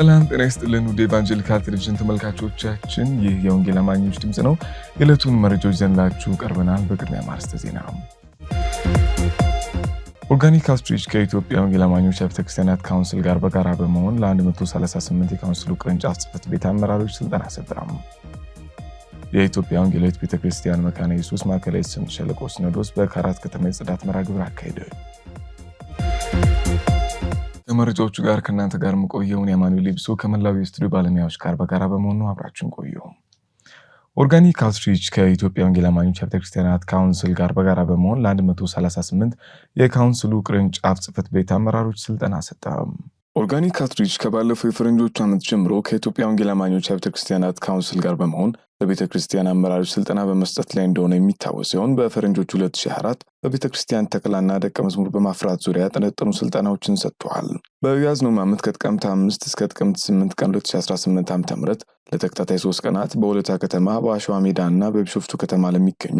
ሰላም ጤና ይስጥልን ውድ ኤቫንጀሊካል ቴሌቪዥን ተመልካቾቻችን፣ ይህ የወንጌል አማኞች ድምፅ ነው። የዕለቱን መረጃዎች ይዘንላችሁ ቀርበናል። በቅድሚያ ማርስተ ዜና። ኦርጋኒክ አውትሪች ከኢትዮጵያ ወንጌል አማኞች ቤተክርስቲያናት ካውንስል ጋር በጋራ በመሆን ለ138 የካውንስሉ ቅርንጫፍ ጽፈት ቤት አመራሮች ስልጠና ሰጠም። የኢትዮጵያ ወንጌላዊት ቤተክርስቲያን መካነ ኢየሱስ ማዕከላዊ ስምጥ ሸለቆ ሲኖዶስ በካራት ከተማ የጽዳት መርሃ ግብር አካሄደ። ከመረጃዎቹ ጋር ከእናንተ ጋር የምቆየውን የአማኑኤል ሊብሶ ከመላው የስቱዲዮ ባለሙያዎች ጋር በጋራ በመሆኑ አብራችን ቆዩ። ኦርጋኒክ አውትሪች ከኢትዮጵያ ወንጌል አማኞች አብያተ ክርስቲያናት ካውንስል ጋር በጋራ በመሆን ለ138 የካውንስሉ ቅርንጫፍ ጽፈት ቤት አመራሮች ስልጠና ሰጠ። ኦርጋኒክ አውትሪች ከባለፈው የፈረንጆቹ ዓመት ጀምሮ ከኢትዮጵያ ወንጌል አማኞች አብያተ ክርስቲያናት ካውንስል ጋር በመሆን ለቤተ ክርስቲያን አመራሮች ስልጠና በመስጠት ላይ እንደሆነ የሚታወስ ሲሆን በፈረንጆች 204 በቤተ ክርስቲያን ተክላና ደቀ መዝሙር በማፍራት ዙሪያ ያጠነጠኑ ስልጠናዎችን ሰጥተዋል። በያዝነው ዓመት ከጥቅምት 5 እስከ ጥቅምት 8 ቀን 2018 ዓ ም ለተከታታይ ሶስት ቀናት በወለታ ከተማ በአሸዋ ሜዳ እና በቢሾፍቱ ከተማ ለሚገኙ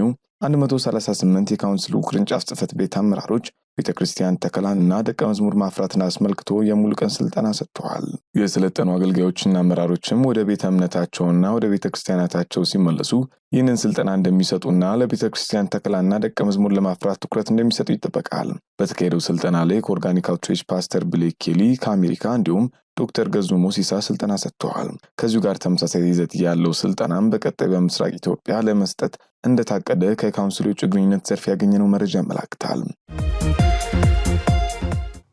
138 የካውንስሉ ቅርንጫፍ ጽህፈት ቤት አመራሮች ቤተ ክርስቲያን ተከላን እና ደቀ መዝሙር ማፍራትን አስመልክቶ የሙሉ ቀን ስልጠና ሰጥተዋል። የሰለጠኑ አገልጋዮችና አመራሮችም ወደ ቤተ እምነታቸውና ወደ ቤተ ክርስቲያናታቸው ሲመለሱ ይህንን ስልጠና እንደሚሰጡና ለቤተ ክርስቲያን ተከላና ደቀ መዝሙር ለማፍራት ትኩረት እንደሚሰጡ ይጠበቃል። በተካሄደው ስልጠና ላይ ከኦርጋኒክ አውትሬች ፓስተር ብሌክ ኬሊ ከአሜሪካ እንዲሁም ዶክተር ገዙ ሞሲሳ ስልጠና ሰጥተዋል። ከዚሁ ጋር ተመሳሳይ ይዘት ያለው ስልጠናም በቀጣይ በምስራቅ ኢትዮጵያ ለመስጠት እንደታቀደ ከካውንስሎች ግንኙነት ዘርፍ ያገኘነው መረጃ ያመላክታል።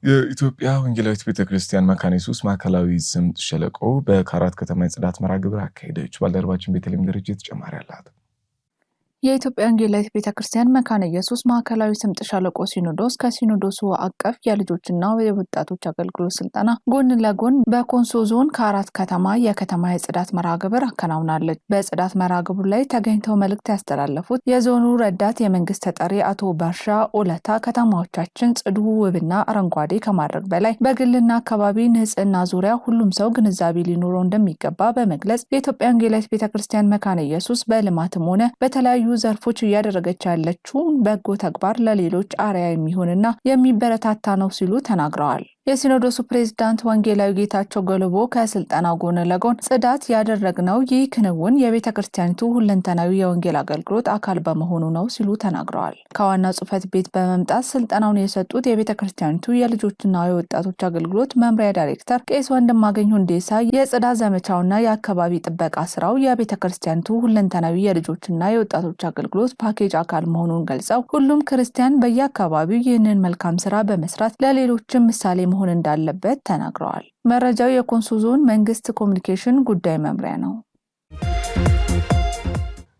የኢትዮጵያ ወንጌላዊት ቤተ ክርስቲያን መካነ ኢየሱስ ማዕከላዊ ስምጥ ሸለቆ በካራት ከተማ የጽዳት መርሃ ግብር አካሄደች። ባልደረባችን ቤተልሔም ድርጅት ተጨማሪ አላት። የኢትዮጵያ ወንጌላዊት ቤተ ክርስቲያን መካነ ኢየሱስ ማዕከላዊ ስምጥ ሸለቆ ሲኖዶስ ከሲኖዶሱ አቀፍ የልጆችና የወጣቶች አገልግሎት ስልጠና ጎን ለጎን በኮንሶ ዞን ከአራት ከተማ የከተማ የጽዳት መርሃ ግብር አከናውናለች። በጽዳት መርሃ ግብሩ ላይ ተገኝተው መልእክት ያስተላለፉት የዞኑ ረዳት የመንግስት ተጠሪ አቶ ባሻ ኦለታ ከተማዎቻችን ጽዱ፣ ውብና አረንጓዴ ከማድረግ በላይ በግልና አካባቢ ንጽህና ዙሪያ ሁሉም ሰው ግንዛቤ ሊኖረው እንደሚገባ በመግለጽ የኢትዮጵያ ወንጌላዊት ቤተ ክርስቲያን መካነ ኢየሱስ በልማትም ሆነ በተለያዩ ዘርፎች እያደረገች ያለችውን በጎ ተግባር ለሌሎች አርያ የሚሆንና የሚበረታታ ነው ሲሉ ተናግረዋል። የሲኖዶሱ ፕሬዝዳንት ወንጌላዊ ጌታቸው ገልቦ ከስልጠናው ጎን ለጎን ጽዳት ያደረግነው ይህ ክንውን የቤተ ክርስቲያኒቱ ሁለንተናዊ የወንጌል አገልግሎት አካል በመሆኑ ነው ሲሉ ተናግረዋል። ከዋና ጽሕፈት ቤት በመምጣት ስልጠናውን የሰጡት የቤተ ክርስቲያኒቱ የልጆችና የወጣቶች አገልግሎት መምሪያ ዳይሬክተር ቄስ ወንድማገኝ ሁንዴሳ የጽዳት ዘመቻውና የአካባቢ ጥበቃ ስራው የቤተ ክርስቲያኒቱ ሁለንተናዊ የልጆችና የወጣቶች አገልግሎት ፓኬጅ አካል መሆኑን ገልጸው ሁሉም ክርስቲያን በየአካባቢው ይህንን መልካም ስራ በመስራት ለሌሎችም ምሳሌ መሆን እንዳለበት ተናግረዋል። መረጃው የኮንሶ ዞን መንግስት ኮሚኒኬሽን ጉዳይ መምሪያ ነው።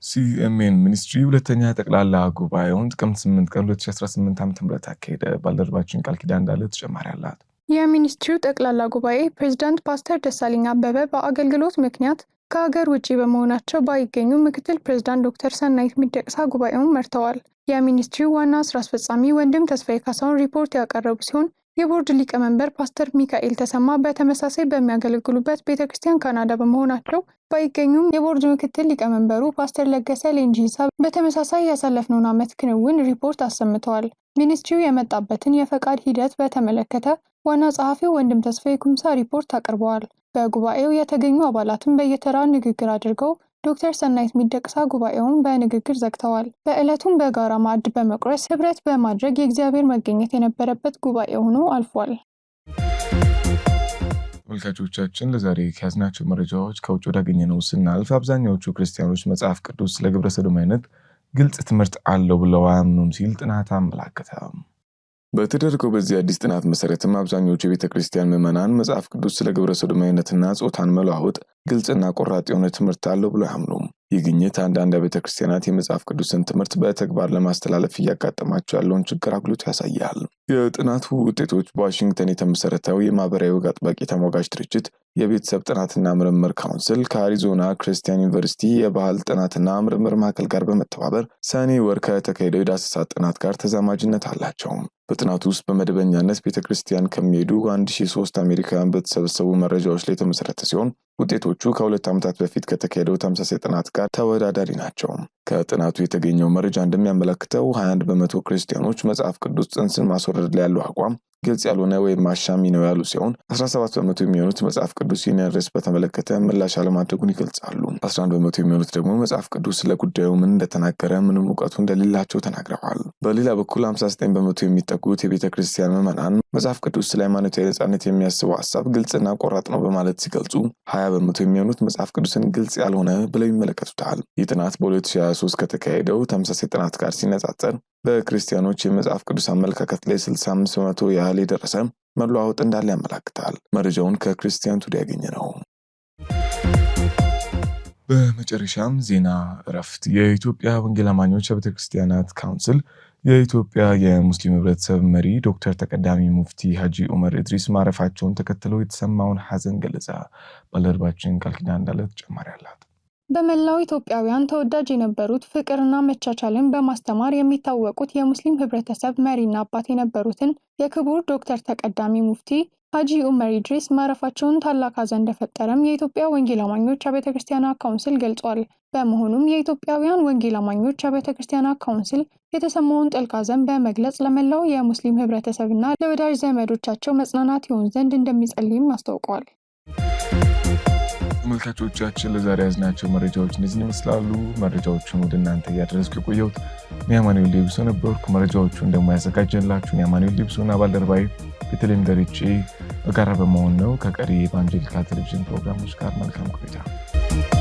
ሲኤምኤን ሚኒስትሪ ሁለተኛ ጠቅላላ ጉባኤውን ጥቅምት 8 ቀን 2018 ዓ ም አካሄደ። ባልደረባችን ቃል ኪዳን እንዳለ ተጨማሪ አላት። የሚኒስትሪው ጠቅላላ ጉባኤ ፕሬዚዳንት ፓስተር ደሳለኝ አበበ በአገልግሎት ምክንያት ከሀገር ውጭ በመሆናቸው ባይገኙ ምክትል ፕሬዚዳንት ዶክተር ሰናይት ሚደቅሳ ጉባኤውን መርተዋል። የሚኒስትሪው ዋና ስራ አስፈጻሚ ወንድም ተስፋዬ ካሳውን ሪፖርት ያቀረቡ ሲሆን የቦርድ ሊቀመንበር ፓስተር ሚካኤል ተሰማ በተመሳሳይ በሚያገለግሉበት ቤተ ክርስቲያን ካናዳ በመሆናቸው ባይገኙም የቦርድ ምክትል ሊቀመንበሩ ፓስተር ለገሰ ሌንጂሳ በተመሳሳይ ያሳለፍነውን ዓመት ክንውን ሪፖርት አሰምተዋል። ሚኒስትሪው የመጣበትን የፈቃድ ሂደት በተመለከተ ዋና ጸሐፊው ወንድም ተስፋዬ ኩምሳ ሪፖርት አቅርበዋል። በጉባኤው የተገኙ አባላትም በየተራ ንግግር አድርገው ዶክተር ሰናይት ሚደቅሳ ጉባኤውን በንግግር ዘግተዋል። በዕለቱም በጋራ ማዕድ በመቁረስ ህብረት በማድረግ የእግዚአብሔር መገኘት የነበረበት ጉባኤ ሆኖ አልፏል። ተመልካቾቻችን ለዛሬ ከያዝናቸው መረጃዎች ከውጭ ነው ስናልፍ አብዛኛዎቹ ክርስቲያኖች መጽሐፍ ቅዱስ ለግብረ ሰዶም አይነት ግልጽ ትምህርት አለው ብለው አያምኑም ሲል ጥናት አመላክተም። በተደረገው በዚህ አዲስ ጥናት መሰረትም አብዛኞቹ የቤተ ክርስቲያን ምዕመናን መጽሐፍ ቅዱስ ስለ ግብረ ሰዶማዊነትና ጾታን መለዋወጥ ግልጽና ቆራጥ የሆነ ትምህርት አለው ብሎ አያምኑም። ይህ ግኝት አንዳንድ ቤተ ክርስቲያናት የመጽሐፍ ቅዱስን ትምህርት በተግባር ለማስተላለፍ እያጋጠማቸው ያለውን ችግር አጉልቶ ያሳያል። የጥናቱ ውጤቶች በዋሽንግተን የተመሰረተው የማህበራዊ ወግ አጥባቂ ተሟጋች ድርጅት የቤተሰብ ጥናትና ምርምር ካውንስል ከአሪዞና ክርስቲያን ዩኒቨርሲቲ የባህል ጥናትና ምርምር ማዕከል ጋር በመተባበር ሰኔ ወር ከተካሄደው የዳሰሳት ጥናት ጋር ተዛማጅነት አላቸው። በጥናቱ ውስጥ በመደበኛነት ቤተ ክርስቲያን ከሚሄዱ 1003 አሜሪካውያን በተሰበሰቡ መረጃዎች ላይ የተመሰረተ ሲሆን ውጤቶቹ ከሁለት ዓመታት በፊት ከተካሄደው ተመሳሳይ ጥናት ጋር ተወዳዳሪ ናቸው። ከጥናቱ የተገኘው መረጃ እንደሚያመለክተው 21 በመቶ ክርስቲያኖች መጽሐፍ ቅዱስ ጽንስን ማስወረድ ላይ ያለው አቋም ግልጽ ያልሆነ ወይም አሻሚ ነው ያሉ ሲሆን 17 በመቶ የሚሆኑት መጽሐፍ ቅዱስ ይህንን ርዕስ በተመለከተ ምላሽ አለማድረጉን ይገልጻሉ። 11 በመቶ የሚሆኑት ደግሞ መጽሐፍ ቅዱስ ስለ ጉዳዩ ምን እንደተናገረ ምንም እውቀቱ እንደሌላቸው ተናግረዋል። በሌላ በኩል 59 በመቶ የሚጠጉት የቤተ ክርስቲያን ምዕመናን መጽሐፍ ቅዱስ ስለ ሃይማኖታዊ ነጻነት የሚያስበው ሀሳብ ግልጽና ቆራጥ ነው በማለት ሲገልጹ 20 በመቶ የሚሆኑት መጽሐፍ ቅዱስን ግልጽ ያልሆነ ብለው ይመለከቱታል። ይህ ጥናት በ2023 ከተካሄደው ተመሳሳይ ጥናት ጋር ሲነጻጸር በክርስቲያኖች የመጽሐፍ ቅዱስ አመለካከት ላይ 65 በመቶ ያህል የደረሰ መለዋወጥ እንዳለ ያመላክታል። መረጃውን ከክርስቲያን ቱዲ ያገኘ ነው። በመጨረሻም ዜና እረፍት። የኢትዮጵያ ወንጌል አማኞች ቤተክርስቲያናት ካውንስል የኢትዮጵያ የሙስሊም ህብረተሰብ መሪ ዶክተር ተቀዳሚ ሙፍቲ ሀጂ ኡመር እድሪስ ማረፋቸውን ተከትለው የተሰማውን ሐዘን ገለጸ። ባልደረባችን ቃል እንዳለ ተጨማሪ አላት። በመላው ኢትዮጵያውያን ተወዳጅ የነበሩት ፍቅርና መቻቻልን በማስተማር የሚታወቁት የሙስሊም ህብረተሰብ መሪና አባት የነበሩትን የክቡር ዶክተር ተቀዳሚ ሙፍቲ ሀጂ ኡመር ኢድሪስ ማረፋቸውን ታላቅ ሐዘን እንደፈጠረም የኢትዮጵያ ወንጌል አማኞች አብያተ ክርስቲያናት ካውንስል ገልጿል። በመሆኑም የኢትዮጵያውያን ወንጌል አማኞች አብያተ ክርስቲያናት ካውንስል የተሰማውን ጥልቅ ሐዘን በመግለጽ ለመላው የሙስሊም ህብረተሰብና ለወዳጅ ዘመዶቻቸው መጽናናት ይሆን ዘንድ እንደሚጸልይም አስታውቋል። ተመልካቾቻችን ለዛሬ ያዝናቸው መረጃዎች እነዚህን ይመስላሉ። መረጃዎቹን ወደ እናንተ እያደረስኩ የቆየሁት ኒያማኑኤል ሌብሶ ነበርኩ። መረጃዎቹ እንደማያዘጋጀላችሁ ኒያማኑኤል ሌብሶና ባልደረባዊ በተለይም ደርጬ በጋራ በመሆን ነው። ከቀሪ የኢቫንጀሊካል ቴሌቪዥን ፕሮግራሞች ጋር መልካም ቆይታ